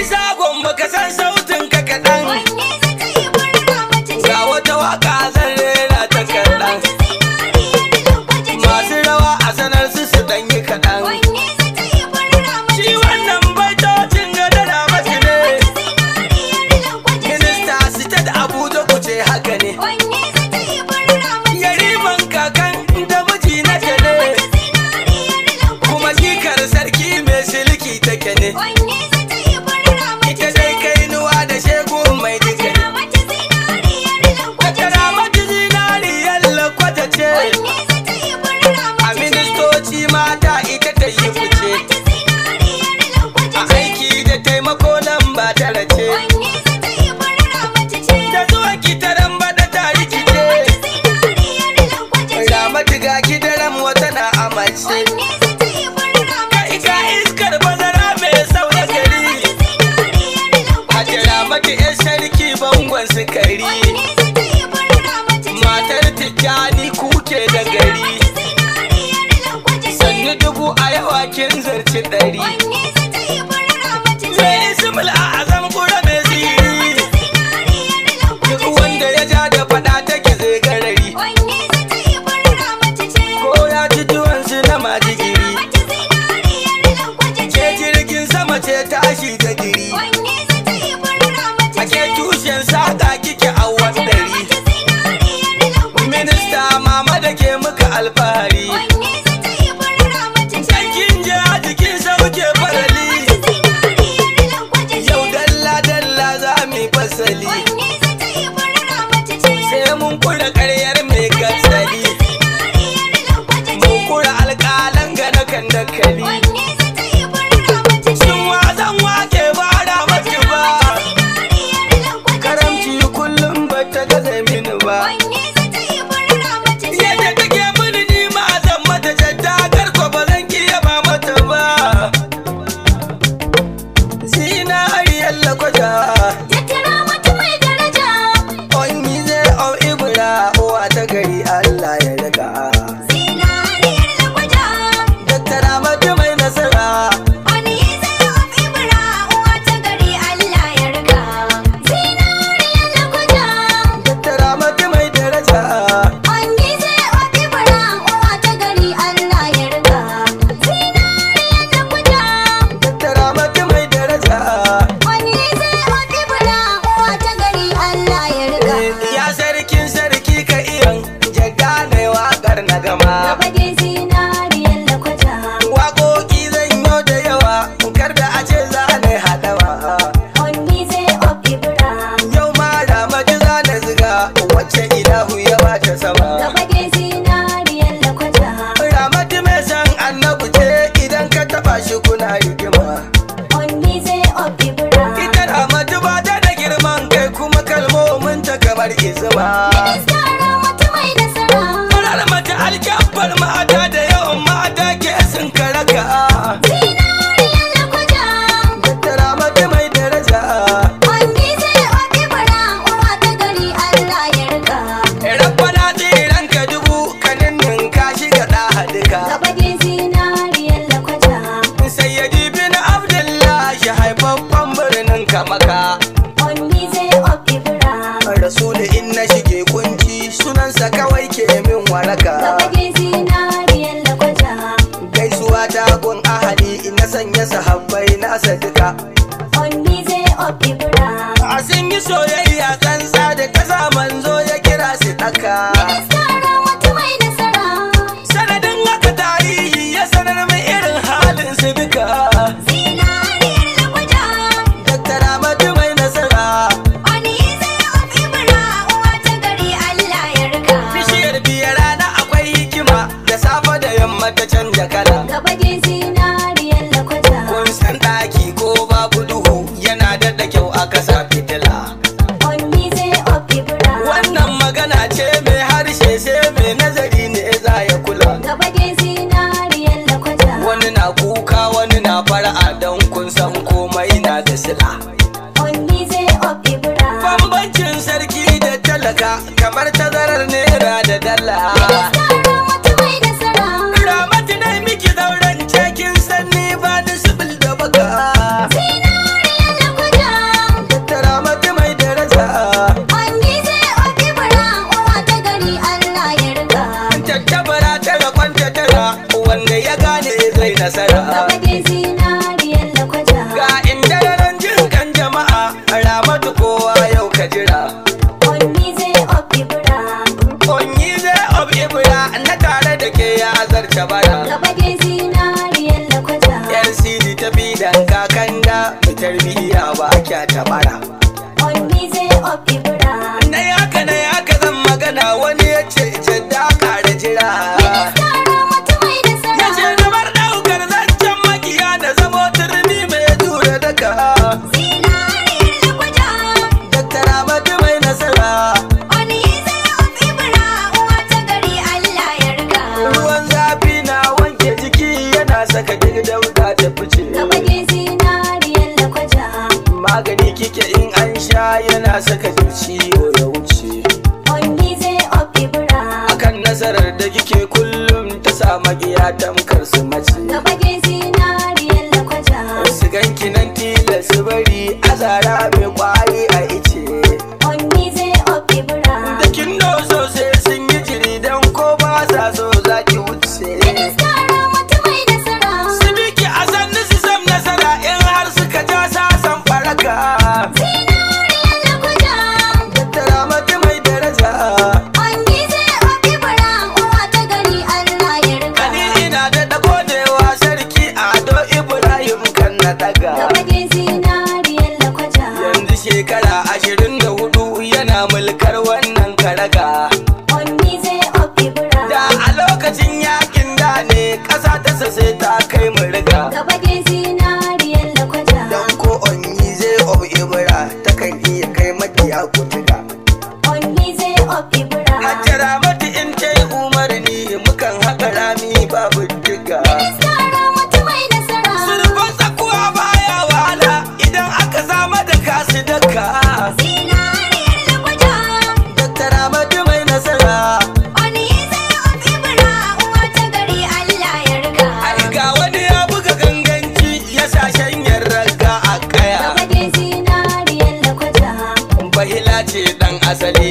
isa gombe ka san made it ɗari sannu dubu a yawa kin zarci ɗari Itar Ahmadu ba da girman kai kuma kalmomin ta kamar izuba. sunansa kawai ke min waraka gaisuwa ta kun ahali ina sanya sahabbai na sadika me say of Ibra. A sun yi soyayya kan da komai na da sila. Bambancin sarki da talaka kamar tazarar naira da dala. ta bada gabage zinariyar lakwata yar sidi ta bidan kakanda fitar biya ba kya ta bara na saka digdam ta tafi Ka bage zinariyar lakwaja magani kike in an sha yana saka ciwo ya wuce wangi zai okibura akan nasarar da kike kullum ta sa magiya tamkar su mace na bage zinariyar lakwaja su ganki nan tilas bari azara mai kwa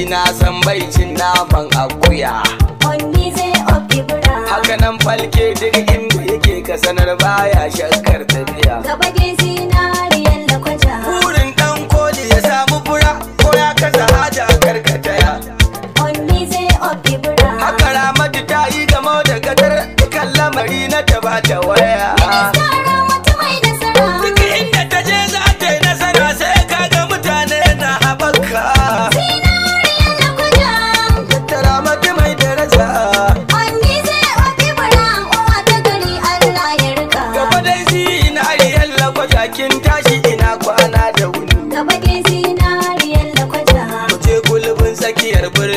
na san cin naman akuya zai Haka nan falke duk inda yake kasanar baya shan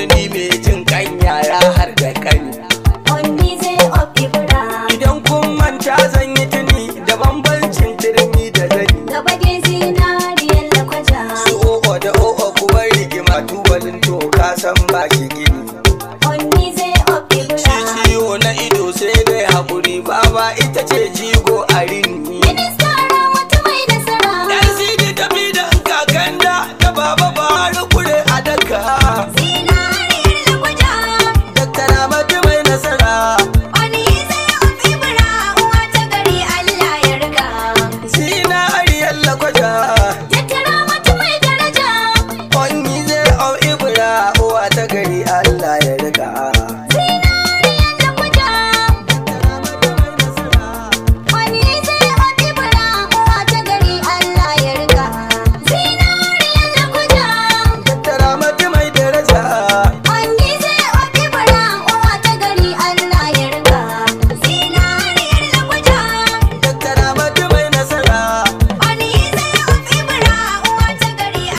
ni mai jin kan yara har da kani. Idan kun manta zan yi tuni da bambancin turmi da zani. Da bagin zinariyar lakwaja. Su o'o da o'o kuwa rigima tubalin toka san ba shi gini. na ido sai dai haƙuri baba ita ce jigo.